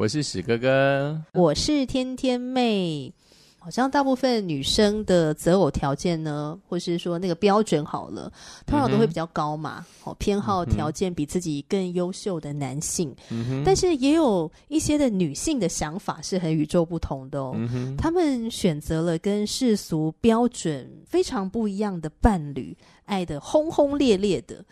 我是史哥哥，我是天天妹。好像大部分女生的擇偶條件呢，或是說那個標準好了，通常都會比較高嘛。嗯、哼哦，偏好條件比自己更優秀的男性。嗯、哼但是也有一些的女性的想法是很與眾不同的哦。他、嗯、哼們選擇了跟世俗標準非常不一樣的伴侶，愛得轟轟烈烈的。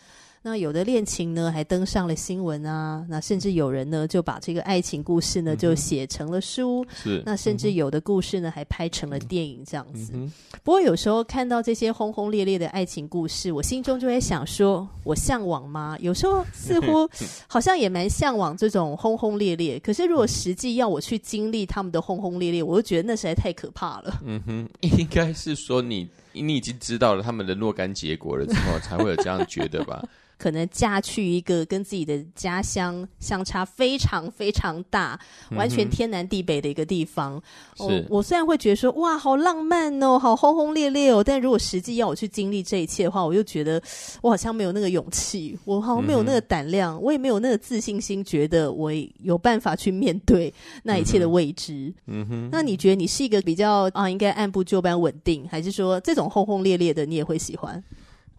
那有的戀情呢，還登上了新聞啊！那甚至有人呢，就把這個愛情故事呢，嗯、哼就寫成了書。是那甚至有的故事呢，嗯、哼還拍成了電影，這樣子。嗯、哼不過有時候看到這些轟轟烈烈的愛情故事，我心中就會想說，我嚮往嗎？有時候似乎好像也蠻嚮往這種轟轟烈烈。可是如果實際要我去經歷他們的轟轟烈烈，我就覺得那實在太可怕了。嗯哼，應該是說你。你已經知道了他們的若干結果了之後，才會有這樣覺得吧？ 可能嫁去一個跟自己的家鄉相差非常非常大，完全天南地北的一個地方。我我雖然會覺得說哇，好浪漫哦，好轟轟烈烈哦，但如果實際要我去經歷這一切的話，我又覺得我好像沒有那個勇氣，我好像沒有那個膽量，嗯、哼我也沒有那個自信心，覺得我有辦法去面對那一切的未知。嗯哼，那你覺得你是一個比較啊，應該按部就班，穩定，還是說這種？轟轟烈烈的，你也會喜歡。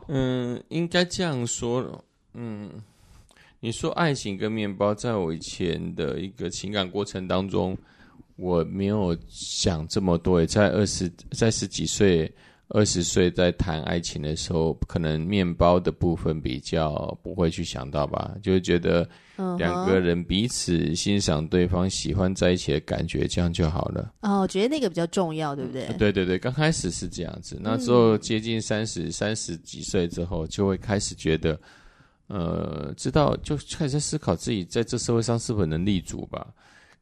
嗯，應該這樣說。嗯，你說愛情跟面包，在我以前的一個情感過程當中，我沒有想這麼多。在二十，在十幾歲。二十歲在談愛情的時候，可能麵包的部分比較不會去想到吧，就會覺得兩個人彼此欣賞對方，喜歡在一起的感覺，uh huh. 這樣就好了。哦，oh, 覺得那個比較重要，對不對？對對對，剛開始是這樣子，那之後接近三十三十幾歲之後，就會開始覺得，嗯、呃，知道就開始在思考自己在這社會上是否能立足吧。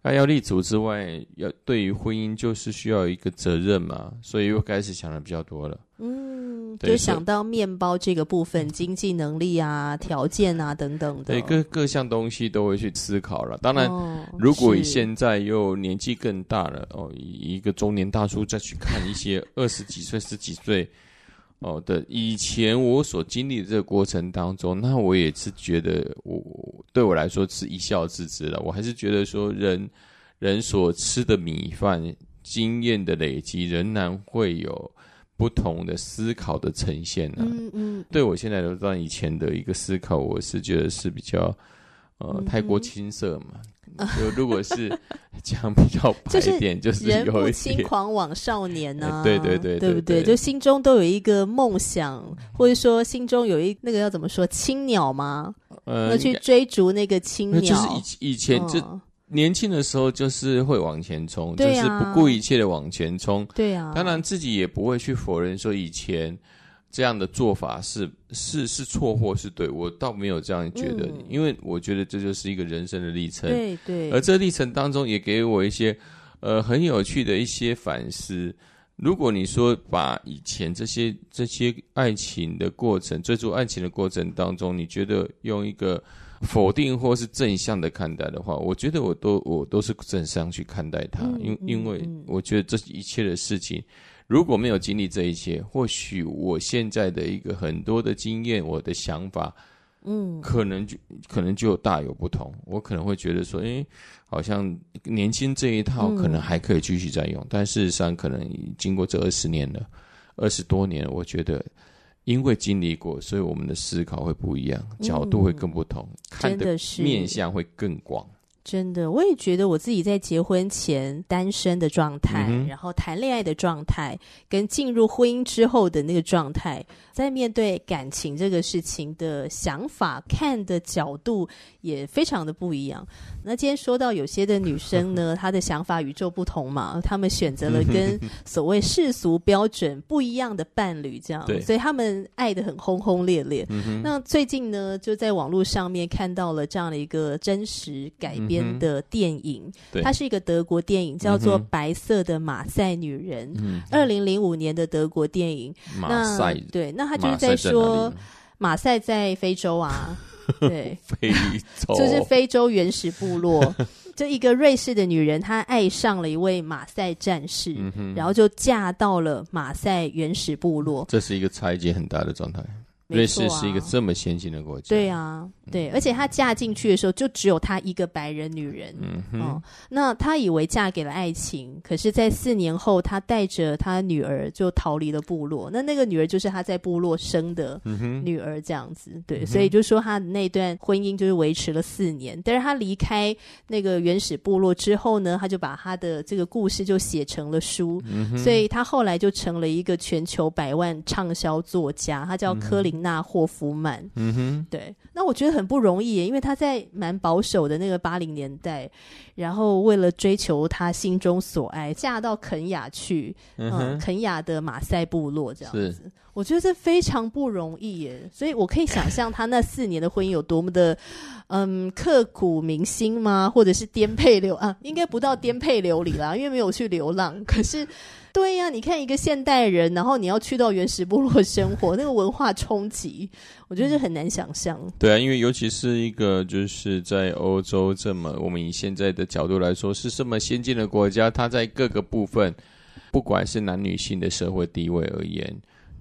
那要立足之外，要對於婚姻就是需要一個責任嘛，所以又開始想的比較多了。嗯，對就想到面包這個部分，嗯、經濟能力啊、條件啊等等的。對，各各項東西都會去思考了。當然，哦、如果你現在又年紀更大了是哦，一個中年大叔再去看一些二 十幾歲、十幾歲。哦，對，以前我所經歷的這個過程當中，那我也是覺得我，我對我來說是一笑置之了。我還是覺得說人，人人所吃的米飯，經驗的累積，仍然會有不同的思考的呈現呢。嗯嗯，對我現在的、以前的一個思考，我是覺得是比較呃太過青澀嘛。 就如果是講比較白一點，就是人不輕狂枉少年呢、啊嗯，對對對，對不對，對？ 就心中都有一個夢想，或者說心中有一那個要怎麼說，青鳥嗎？呃、嗯，去追逐那個青鳥。嗯、就是以以前、嗯、就年輕的時候，就是會往前衝，對啊、就是不顧一切的往前衝。對啊，當然自己也不會去否認說以前。這樣的做法是是是錯或是對，我倒沒有這樣覺得，嗯、因為我覺得這就是一個人生的歷程。對、嗯、對，對而這歷程當中也給我一些呃很有趣的一些反思。如果你說把以前這些這些愛情的過程，追逐愛情的過程當中，你覺得用一個否定或是正向的看待的話，我覺得我都我都是正向去看待它，嗯嗯嗯、因因為我覺得這一切的事情，如果沒有經歷這一切，或許我現在的一個很多的經驗，我的想法，嗯，可能就可能就大有不同。我可能會覺得說，哎、欸，好像年輕這一套可能還可以繼續再用，嗯、但事實上，可能經過這二十年了，二十多年了，我覺得因為經歷過，所以我們的思考會不一樣，角度會更不同，嗯、真的是看的面向會更廣。真的，我也覺得我自己在結婚前單身的狀態，嗯、哼然後談戀愛的狀態，跟進入婚姻之後的那個狀態，在面對感情這個事情的想法看的角度也非常的不一樣。那今天說到有些的女生呢， 她的想法與眾不同嘛，她們選擇了跟所謂世俗標準不一樣的伴侶，這樣，嗯、哼所以他們愛的很轟轟烈烈。嗯、哼那最近呢，就在網絡上面看到了這樣的一個真實改編、嗯。的電影，它是一個德國電影，叫做《白色的馬賽女人》，二零零五年的德國電影。馬賽對，那他就是在說馬賽在非洲啊，對，非洲就是非洲原始部落。就一個瑞士的女人，她愛上了一位馬賽戰士，然後就嫁到了馬賽原始部落。這是一個差距很大的狀態。啊、瑞士是一個這麼先進的國家。對啊，嗯、對，而且她嫁進去的時候就只有她一個白人女人。嗯哼。哦、那她以為嫁給了愛情，可是，在四年後，她帶着她女兒就逃離了部落。那那個女兒就是她在部落生的女兒，這樣子。嗯、哼對，所以就說她的那段婚姻就是維持了四年。但是她離開那個原始部落之後呢，她就把她的這個故事就寫成了書，嗯、哼所以她後來就成了一個全球百萬暢銷作家。她叫科琳。那霍夫曼，嗯哼，對，那我覺得很不容易，因為他在蠻保守的那個八零年代，然後為了追求他心中所愛，嫁到肯亞去，嗯哼，嗯，肯亞的馬賽部落這樣子。我覺得這非常不容易耶，所以我可以想象他那四年的婚姻有多麼的，嗯，刻骨銘心嗎？或者是顛沛流啊？應該不到顛沛流離啦，因為沒有去流浪。可是，對呀，啊，你看一個現代人，然後你要去到原始部落生活，那個文化衝擊，我覺得這很難想象。嗯。對啊，因為尤其是一個就是在歐洲這麼，我們以現在的角度來說是這麼先進的國家，它在各個部分，不管是男女性的社會地位而言。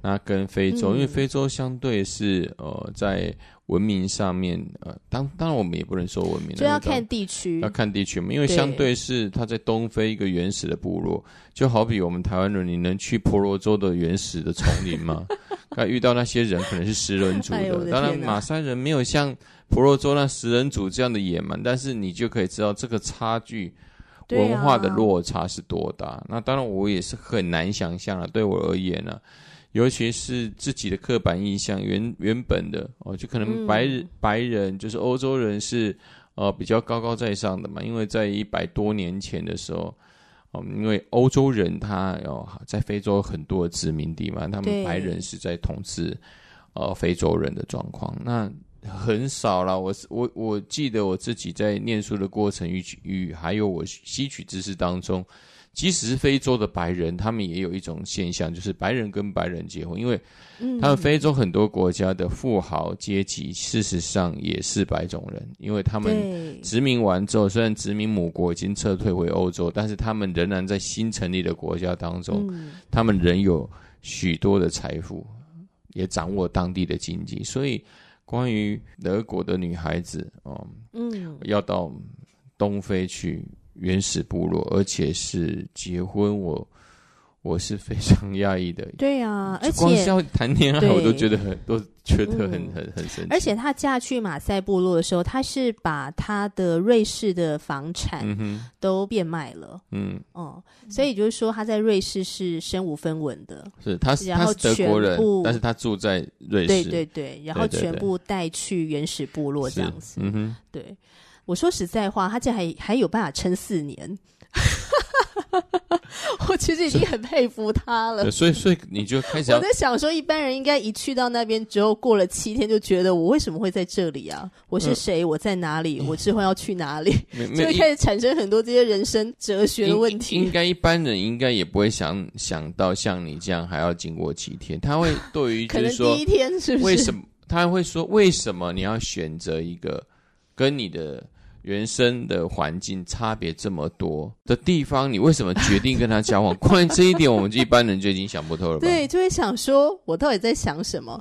那跟非洲，嗯、因為非洲相對是呃，在文明上面呃，當當然我們也不能說文明，就要看地區，要看地區嘛，因為相對是他在東非一個原始的部落，對就好比我們台灣人，你能去婆羅洲的原始的叢林嗎？那 遇到那些人可能是食人族的， 哎、的當然馬賽人沒有像婆羅洲那食人族這樣的野蠻，但是你就可以知道這個差距文化的落差是多大。啊、那當然我也是很難想象啊，對我而言呢、啊。尤其是自己的刻板印象，原原本的哦，就可能白、嗯、白人就是歐洲人是呃比較高高在上的嘛，因為在一百多年前的時候，嗯、呃，因為歐洲人他有、呃、在非洲很多殖民地嘛，他們白人是在統治呃非洲人的狀況，那很少啦，我我我記得我自己在念書的過程與與還有我吸取知識當中。即使是非洲的白人，他們也有一種現象，就是白人跟白人結婚。因為他們非洲很多國家的富豪階級，事實上也是白種人。因為他們殖民完之後，對雖然殖民母國已經撤退回歐洲，但是他們仍然在新成立的國家當中，嗯、他們仍有許多的財富，也掌握當地的經濟。所以，關於德國的女孩子、哦、嗯，要到東非去。原始部落，而且是結婚，我我是非常訝異的。對啊。而且光是要談戀愛，我都覺得很都覺得很很很神奇。而且她嫁去馬賽部落的時候，她是把她的瑞士的房產都變賣了。嗯，哦，所以就是說她在瑞士是身無分文的。是，她是她德國人，但是她住在瑞士。對對對，然後全部帶去原始部落這樣子。嗯哼，對。我說實在話，他這還還有辦法撐四年， 我其實已經很佩服他了。所以，所以你就開始我在想說，一般人應該一去到那邊之後，過了七天，就覺得我為什麼會在這裡啊？我是誰？呃、我在哪裡？我之後要去哪裡？就開始產生很多這些人生哲學的問題。應,應該一般人應該也不會想想到像你這樣還要經過七天，他會對於就是說，可能，第一天是不是？為什麼他會說為什麼你要選擇一個跟你的？原生的環境差別這麼多的地方，你為什麼決定跟他交往？ 關於這一點，我們一般人就已經想不透了吧？對，就會想說，我到底在想什麼？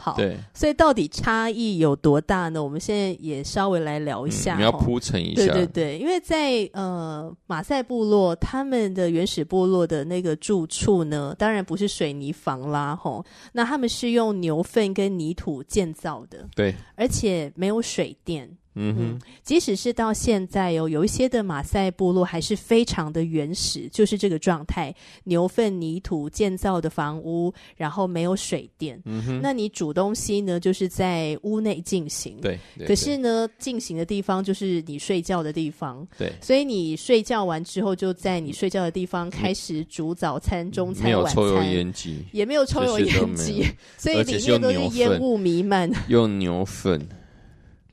好，對所以到底差異有多大呢？我們現在也稍微來聊一下，你、嗯、要鋪陳一下，對對對，因為在呃馬賽部落，他們的原始部落的那個住處呢，當然不是水泥房啦，吼，那他們是用牛糞跟泥土建造的，對，而且沒有水電。嗯哼，即使是到現在有有一些的馬賽部落，還是非常的原始，就是這個狀態：牛糞泥土建造的房屋，然後沒有水電。嗯哼，那你煮東西呢，就是在屋內進行。對。可是呢，進行的地方就是你睡覺的地方。對。所以你睡覺完之後，就在你睡覺的地方開始煮早餐、中餐、晚餐。沒有抽油煙機，也沒有抽油煙機，所以裡面都是煙霧彌漫。用牛糞。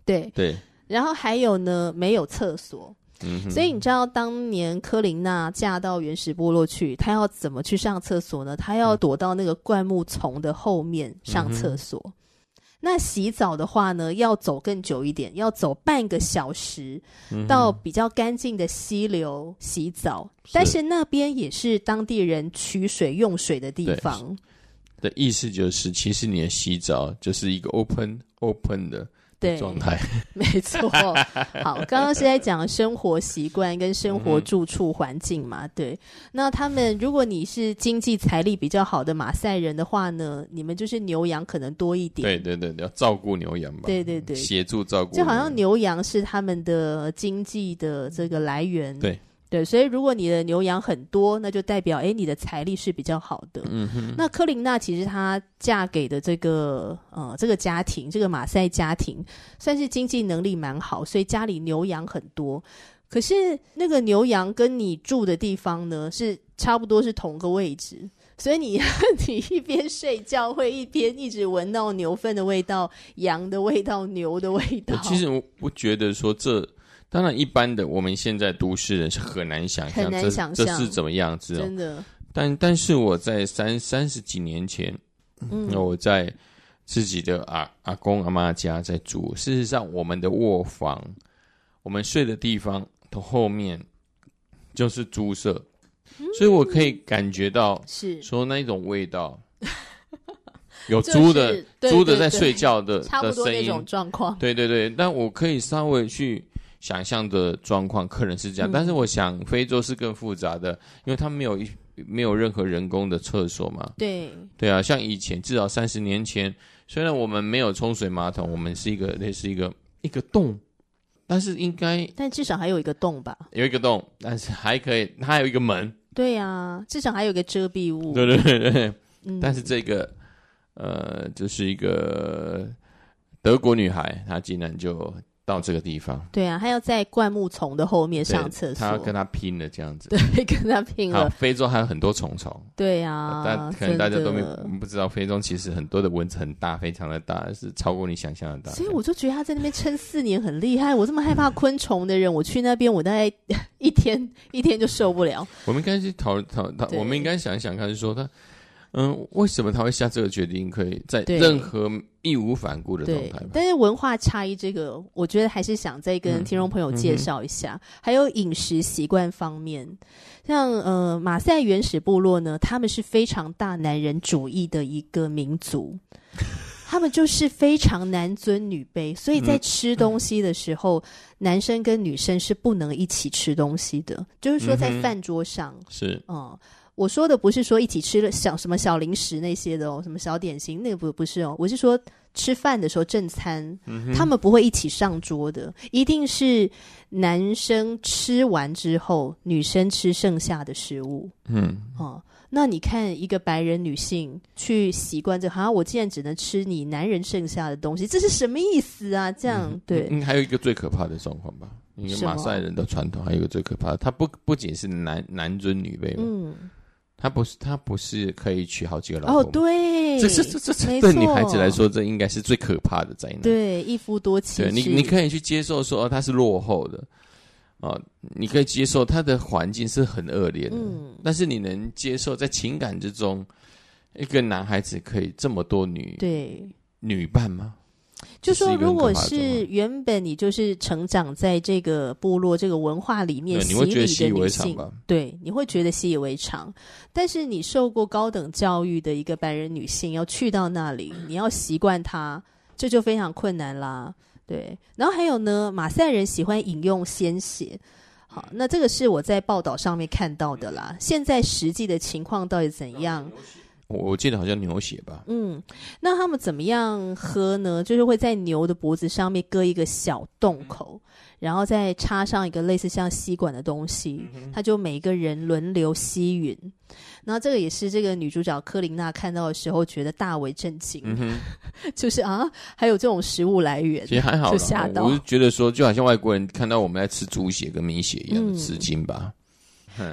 對對。然後還有呢，沒有廁所，嗯、哼所以你知道當年科琳娜嫁到原始部落去，她要怎麼去上廁所呢？她要躲到那個灌木叢的後面上廁所。嗯、哼那洗澡的話呢，要走更久一點，要走半個小時到比較乾淨的溪流洗澡。嗯、哼但是那邊也是當地人取水用水的地方。的意思就是，其實你的洗澡就是一個 open open 的。對狀態 沒錯，好，剛剛是在講生活習慣跟生活住處環境嘛。嗯、哼對，那他們如果你是經濟財力比較好的馬賽人的話呢，你們就是牛羊可能多一點。對對對，你要照顧牛羊嘛。對對對，協助照顧牛羊。就好像牛羊是他們的經濟的這個來源。對。對，所以如果你的牛羊很多，那就代表哎、欸，你的財力是比較好的。嗯哼。那科琳娜其實她嫁給的這個，呃，這個家庭，這個馬賽家庭，算是經濟能力蠻好，所以家裡牛羊很多。可是那個牛羊跟你住的地方呢，是差不多是同個位置，所以你你一邊睡覺會一邊一直聞到牛糞的味道、羊的味道、牛的味道。其實我不覺得說這。當然，一般的我們現在都市人是很難想象這，很難想象這是怎麼樣子、哦。真的，但但是我在三三十幾年前，那、嗯、我在自己的阿阿公阿媽家在住。事實上，我們的臥房，我們睡的地方的後面就是豬舍，嗯、所以我可以感覺到，是說那種味道，是 有豬的、就是、對對對豬的在睡覺的對對對差不多聲音那種狀況。對對對，但我可以稍微去。想象的狀況，客人是這樣，但是我想非洲是更複雜的，嗯、因為它沒有沒有任何人工的廁所嘛。對，對啊，像以前至少三十年前，雖然我們沒有沖水馬桶，我們是一個類似一個一個洞，但是應該，但至少還有一個洞吧？有一個洞，但是還可以，還有一個門。對呀、啊，至少還有一個遮蔽物。對對對，嗯、但是這個呃，就是一個德國女孩，她竟然就。到這個地方，對啊，他要在灌木叢的後面上廁所，他要跟他拼了這樣子，對，跟他拼了。非洲還有很多蟲蟲，對啊，啊，但可能大家都沒的不知道，非洲其實很多的蚊子很大，非常的大，是超過你想象的大。所以我就覺得他在那邊撐四年很厲害。 我這麼害怕昆蟲的人，我去那邊，我大概一天一天就受不了。我們應該去討討，討對我們應該想一想，看，就是說他。嗯，為什麼他會下這個決定？可以在任何義無反顧的狀態。對，但是文化差異這個，我覺得還是想再跟聽眾朋友介紹一下。嗯嗯、還有飲食習慣方面，像呃馬賽原始部落呢，他們是非常大男人主義的一個民族，他們就是非常男尊女卑，所以在吃東西的時候，嗯、哼男生跟女生是不能一起吃東西的。就是說，在飯桌上嗯是嗯。我說的不是說一起吃了小什麼小零食那些的哦、喔，什麼小點心那不、個、不是哦、喔，我是說吃飯的時候正餐，嗯、哼他們不會一起上桌的，一定是男生吃完之後，女生吃剩下的食物。嗯，哦、喔，那你看一個白人女性去習慣這個，好、啊、像我竟然只能吃你男人剩下的東西，這是什麼意思啊？這樣、嗯、對、嗯嗯。還有一個最可怕的狀況吧，因為馬賽人的傳統麼還有一個最可怕的，他不不僅是男男尊女卑嘛。嗯他不是，他不是可以娶好幾個老婆。哦，對，這是這這這沒錯。對女孩子來說，這應該是最可怕的災難。對，一夫多妻。對你，你可以去接受說哦，他是落後的，哦，你可以接受他的環境是很惡劣的，嗯，但是你能接受在情感之中一個男孩子可以這麼多女對女伴嗎？就說，如果是原本你就是成長在這個部落，對這個文化裡面洗禮的女性，對，你會覺得習以為常。但是你受過高等教育的一個白人女性要去到那裡，你要習慣她，這就非常困難啦。對，然後還有呢，馬賽人喜歡飲用鮮血。好，那這個是我在報道上面看到的啦。現在實際的情況到底怎樣？我記得好像牛血吧。嗯，那他們怎麼樣喝呢？就是會在牛的脖子上面割一個小洞口，然後再插上一個類似像吸管的東西，它就每一個人輪流吸吮。那這個也是這個女主角科琳娜看到的時候覺得大為震驚，嗯、哼 就是啊，還有這種食物來源。其實還好，就嚇到我，我是覺得說，就好像外國人看到我們在吃豬血跟米血一樣的吃驚吧。嗯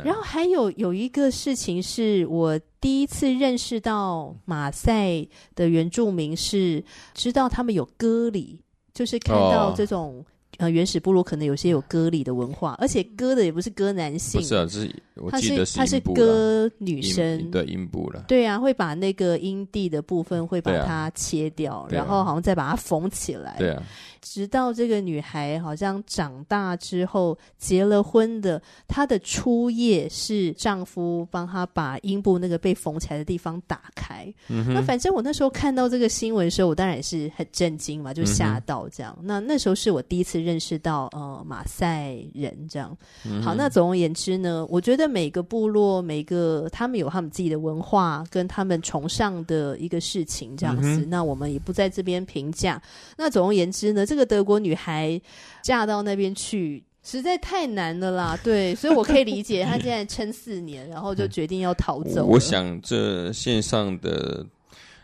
然後還有有一個事情是我第一次認識到馬賽的原住民是知道他們有割禮，就是看到這種、oh. 呃，原始部落可能有些有割禮的文化，而且割的也不是割男性，不是啊，是是他是他是割女生，陰陰的陰部了，對啊，會把那個陰蒂的部分會把它切掉，啊、然後好像再把它縫起來。對啊直到這個女孩好像長大之後結了婚的，她的初夜是丈夫幫她把陰部那個被縫起來的地方打開。嗯、哼那反正我那時候看到這個新聞的時候，我當然也是很震驚嘛，就嚇到這樣。嗯、哼那那時候是我第一次認識到呃馬賽人這樣。嗯、哼好，那總而言之呢，我覺得每個部落、每個他們有他們自己的文化跟他們崇尚的一個事情這樣子。嗯、哼那我們也不在這邊評價。那總而言之呢，這個德國女孩嫁到那邊去實在太難了啦，對，所以我可以理解她現在撐四年， 嗯、然後就決定要逃走。我想這線上的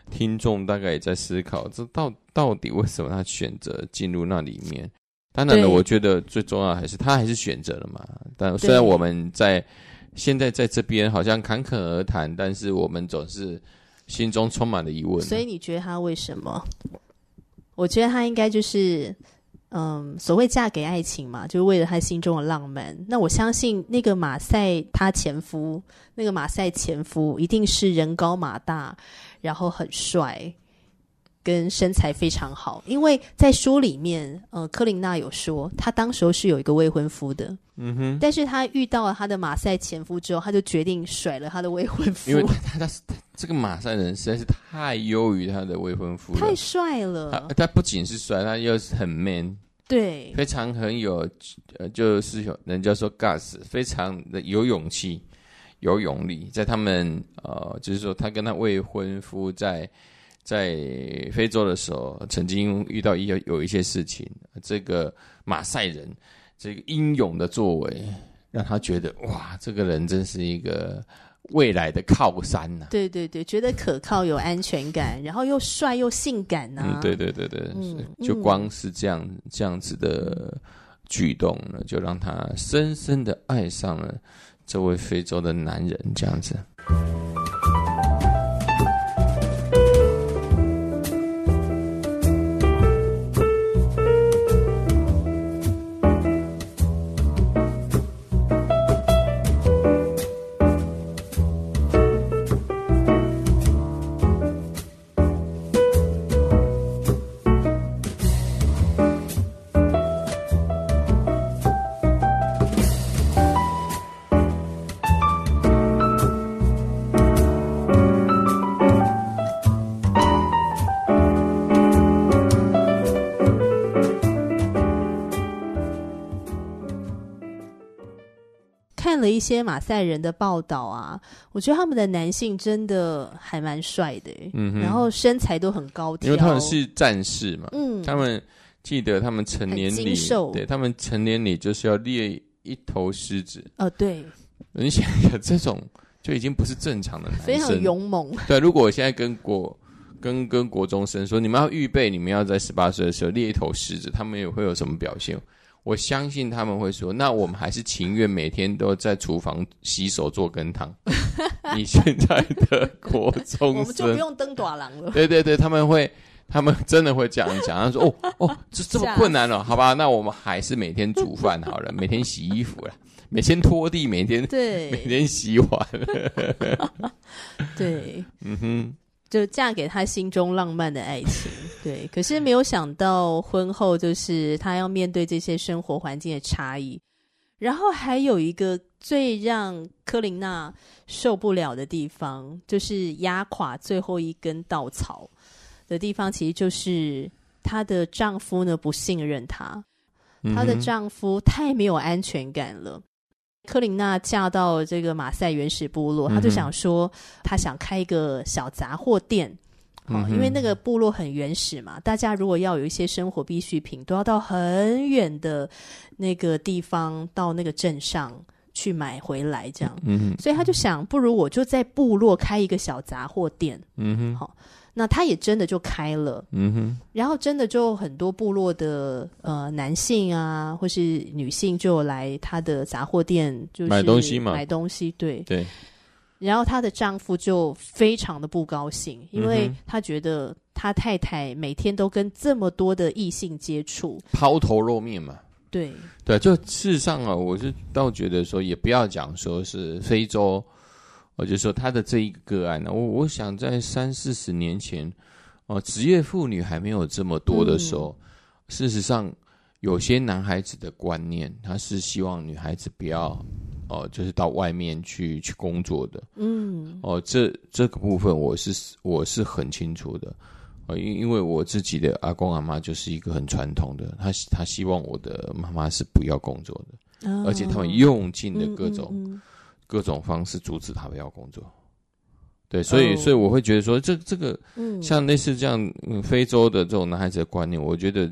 聽眾大概也在思考，這到底到底為什麼她選擇進入那裡面？當然了，對我覺得最重要的還是她還是選擇了嘛。但雖然我們在對現在在這邊好像侃侃而談，但是我們總是心中充滿了疑問了。所以你覺得她為什麼？我覺得他應該就是，嗯，所謂嫁給愛情嘛，就是為了他心中的浪漫。那我相信那個馬賽他前夫，那個馬賽前夫一定是人高馬大，然後很帥。跟身材非常好，因為在書裡面，呃，科琳娜有說，她當時候是有一個未婚夫的，嗯哼，但是她遇到了她的馬賽前夫之後，她就決定甩了他的未婚夫，因為他他是這個馬賽人實在是太優於他的未婚夫，太帥了，他他不僅是帥，他又是很 man，對，非常很有，呃，就是有人家說 guts，非常的有勇氣、有勇力，在他們呃，就是說他跟他未婚夫在。在非洲的時候，曾經遇到一，有一些事情，這個馬賽人這個英勇的作為，讓他覺得哇，這個人真是一個未來的靠山吶！對對對，覺得可靠有安全感，然後又帥又性感吶！嗯，對對對對，就光是這樣這樣子的舉動呢，就讓他深深的愛上了這位非洲的男人，這樣子。一些馬賽人的報道啊，我覺得他們的男性真的還蠻帥的，嗯哼，然後身材都很高挑，因為他們是戰士嘛，嗯，他們記得他們成年禮對他們成年禮就是要獵一頭獅子，哦、呃，對，你想，這種就已經不是正常的男生，非常勇猛，對。如果我現在跟國跟跟國中生說，你們要預備，你們要在十八歲的時候獵一頭獅子，他們也會有什麼表現？我相信他們會說，那我們還是情願每天都在廚房洗手做羹湯。 你現在的國中生 我們就不用登短廊了。對對對，他們會，他們真的會這樣講。他說：“哦哦，這這麼困難了，好吧，那我們還是每天煮飯好了， 每天洗衣服了，每天拖地，每天對，每天洗碗 對，嗯哼。就嫁給他心中浪漫的愛情，對。可是沒有想到婚後，就是她要面對這些生活環境的差異。然後還有一個最讓科琳娜受不了的地方，就是壓垮最後一根稻草的地方，其實就是她的丈夫呢，不信任她，她的丈夫太沒有安全感了。科琳娜嫁到這個馬賽原始部落，他就想說，他想開一個小雜貨店，嗯哼哦，因為那個部落很原始嘛，大家如果要有一些生活必需品，都要到很遠的那個地方，到那個鎮上去買回來，這樣，嗯，哼所以他就想，不如我就在部落開一個小雜貨店，嗯哼哦那他也真的就開了，嗯哼。然後真的就很多部落的呃男性啊，或是女性就來他的雜貨店，就是買東西嘛，買東西。對對。然後她的丈夫就非常的不高興，嗯哼。因為他覺得他太太每天都跟這麼多的異性接觸，拋頭露面嘛。對對，就事實上啊，我是倒覺得說，也不要講說是非洲。我就說他的這一個個案呢，我我想在三四十年前，哦、呃，職業婦女還沒有這麼多的時候，嗯、事實上有些男孩子的觀念，他是希望女孩子不要哦、呃，就是到外面去去工作的。嗯，哦、呃，這這個部分我是我是很清楚的，因、呃、因為我自己的阿公阿嬤就是一個很傳統的，他他希望我的媽媽是不要工作的，哦、而且他們用盡的各種。嗯嗯嗯各種方式阻止他們要工作，對，所以，Oh. 所以我會覺得說，這這個，嗯、像類似這樣、嗯，非洲的這種男孩子的觀念，我覺得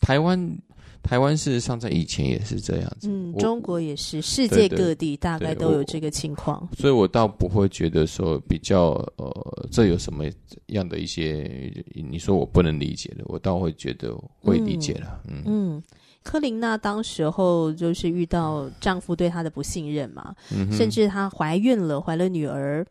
台灣台灣事實上在以前也是這樣子，嗯，我中國也是，世界各地大概都有這個情況，對對。所以我倒不會覺得說比較，呃，這有什麼樣的一些，你說我不能理解的，我倒會覺得會理解了，嗯。嗯科琳娜當時候就是遇到丈夫對她的不信任嘛，嗯、哼甚至她懷孕了，懷了女兒，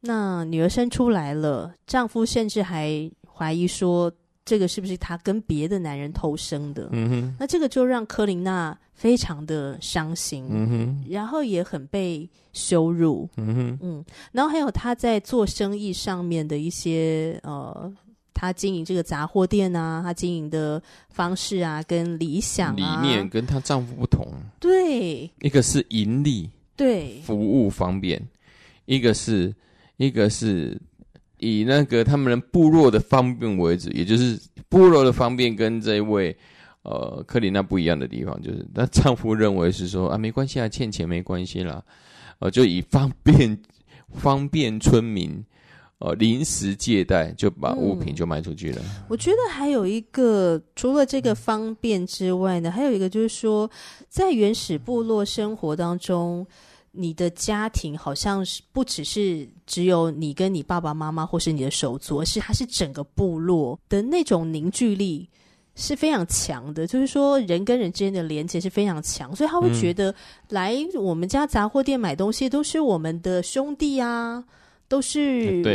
那女兒生出來了，丈夫甚至還懷疑說這個是不是她跟別的男人偷生的，嗯、哼那這個就讓科琳娜非常的傷心，嗯、哼然後也很被羞辱，嗯，哼嗯，然後還有她在做生意上面的一些呃。她經營這個雜貨店啊，她經營的方式啊，跟理想，啊、理念跟她丈夫不同。對，一個是盈利，對，服務方便；一個是一個是以那個他們部落的方便為主，也就是部落的方便。跟這位呃，科琳娜不一樣的地方，就是她丈夫認為是說啊，沒關係啊，欠錢沒關係啦，呃，就以方便方便村民。哦，臨、呃、時借貸就把物品就賣出去了，嗯。我覺得還有一個，除了這個方便之外呢，嗯、還有一個就是說，在原始部落生活當中，你的家庭好像是不只是只有你跟你爸爸媽媽或是你的手足，而是它是整個部落的那種凝聚力是非常強的。就是說，人跟人之間的連接是非常強，所以他會覺得、嗯、來我們家雜貨店買東西都是我們的兄弟啊。都是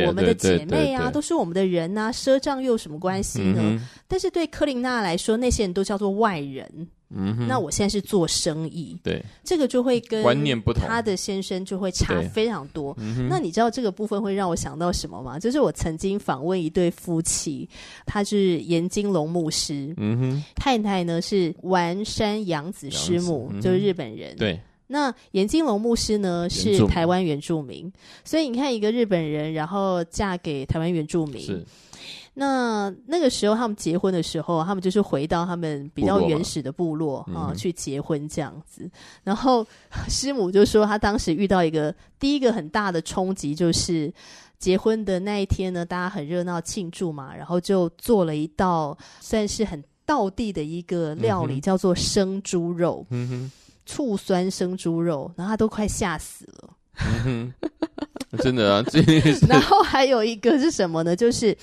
我們的姐妹啊，對對對對對，都是我們的人啊，賒賬又有什麼關係呢？嗯、哼但是對科琳娜來說，那些人都叫做外人。嗯哼，那我現在是做生意，對，這個就會跟觀念不同，他的先生就會差非常多。嗯、那你知道這個部分會讓我想到什麼嗎？就是我曾經訪問一對夫妻，他是嚴金龍牧師，嗯哼，太太呢是丸山洋子師母，嗯、就是日本人，對。那閻金龍牧師呢是台灣原住民，住民，所以你看一個日本人，然後嫁給台灣原住民。是那那個時候他們結婚的時候，他們就是回到他們比較原始的部落，部落啊、嗯、哼去結婚這樣子。然後師母就說，他當時遇到一個第一個很大的衝擊，就是結婚的那一天呢，大家很熱鬧慶祝嘛，然後就做了一道算是很道地的一個料理，嗯、哼叫做生豬肉。嗯醋酸生豬肉，然後他都快嚇死了。真的啊，然後還有一個是什麼呢？就是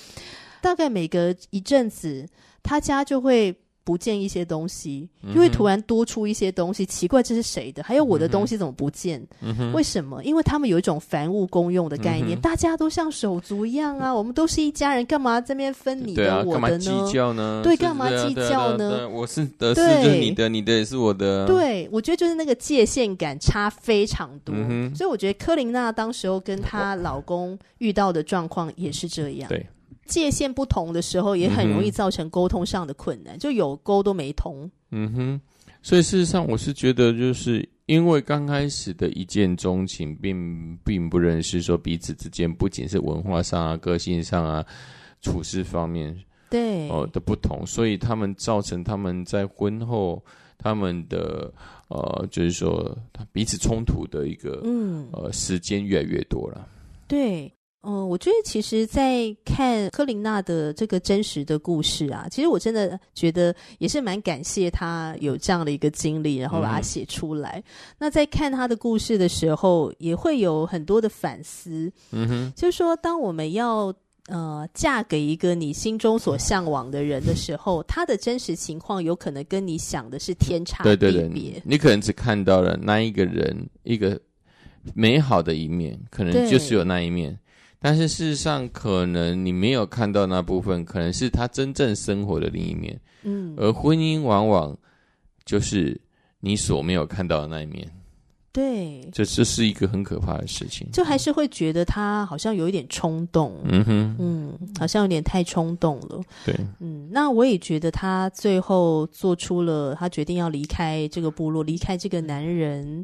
大概每隔一陣子，他家就會不見一些東西，因為突然多出一些東西，奇怪這是誰的？還有我的東西怎麼不見？為什麼？因為他們有一種凡物公用的概念，大家都像手足一樣啊，我們都是一家人，幹嘛這邊分你的我的呢？對，幹嘛計較呢？對，幹嘛計較呢？我是的，是你的，你的也是我的。對，我覺得就是那個界限感差非常多，所以我覺得科琳娜當時候跟她老公遇到的狀況也是這樣。對。界限不同的時候，也很容易造成溝通上的困難，嗯、哼就有溝都沒通。嗯哼，所以事實上，我是覺得，就是因為剛開始的一見鍾情並，並並不認識說彼此之間不僅是文化上啊、個性上啊、處事方面對哦、呃、的不同，所以他們造成他們在婚後他們的呃，就是說彼此衝突的一個嗯呃時間越來越多了。對。嗯，我覺得其實，在看科琳娜的這個真實的故事啊，其實我真的覺得也是蠻感謝她有這樣的一個經歷，然後把它寫出來。嗯。那在看她的故事的時候，也會有很多的反思。嗯哼，就是說，當我們要呃嫁給一個你心中所向往的人的時候，他的真實情況有可能跟你想的是天差地別，別。對對對。你可能只看到了那一個人一個美好的一面，可能就是有那一面。但是事實上，可能你沒有看到那部分，可能是他真正生活的另一面。嗯，而婚姻往往就是你所沒有看到的那一面。對，這這是一個很可怕的事情。就還是會覺得他好像有一點衝動。嗯哼，嗯，好像有點太衝動了。對，嗯，那我也覺得他最後做出了他決定要離開這個部落，離開這個男人。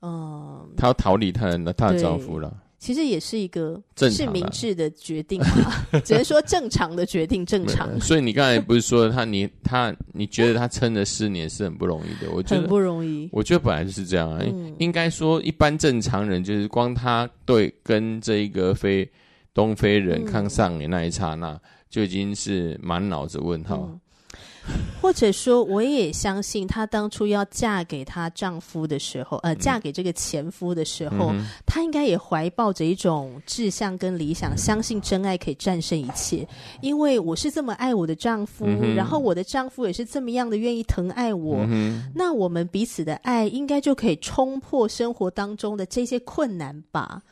嗯，他要逃離他那對他的丈夫了。其實也是一個是明智的決定啊常只能說正常的決定，正常。 所以你剛才不是說他，你他，他你覺得他撐了四年是很不容易的，我覺得很不容易。我覺得本來就是這樣，啊、嗯。應該說一般正常人就是光他對跟這一個非東非人看、嗯、上你那一剎那，就已經是滿腦子問號。嗯或者說，我也相信她當初要嫁給她丈夫的時候，呃，嫁給這個前夫的時候，她、嗯、哼應該也懷抱着一種志向跟理想，相信真愛可以戰勝一切。因為我是這麼愛我的丈夫，嗯、哼然後我的丈夫也是這麼樣的願意疼愛我，嗯、哼那我們彼此的愛應該就可以衝破生活當中的這些困難吧。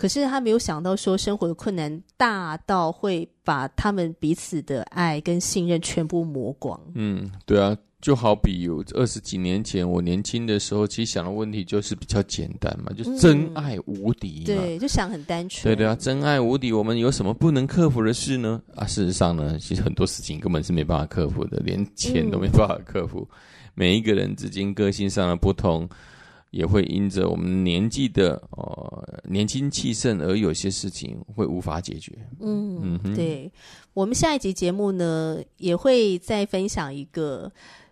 可是他沒有想到，說生活的困難大到會把他們彼此的愛跟信任全部磨光。嗯，對啊，就好比有二十幾年前，我年輕的時候，其實想的問題就是比較簡單嘛，就是真愛無敵、嗯。對，就想很單純。對對啊，真愛無敵，我們有什麼不能克服的事呢？啊，事實上呢，其實很多事情根本是沒辦法克服的，連錢都沒辦法克服。嗯、每一個人之間個性上的不同，也會因着我們年紀的哦。年輕氣盛，而有些事情會無法解決。嗯，嗯哼。對，我們下一集節目呢，也會再分享一個。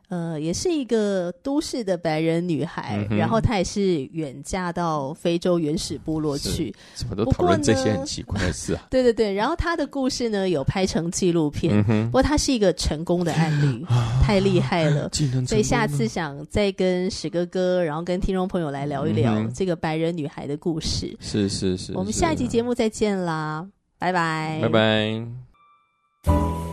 呃，也是一個都市的白人女孩，嗯、哼然後她也是遠嫁到非洲原始部落去。怎麼都討論這些很奇怪的事、不過呢，啊啊、對對對，然後她的故事呢有拍成紀錄片，嗯、哼不過她是一個成功的案例，啊、太厲害了。啊、了所以下次想再跟史哥哥，然後跟聽眾朋友來聊一聊、嗯、哼這個白人女孩的故事。是是是，是，我們下一集節目再見啦，是是是拜拜，拜拜。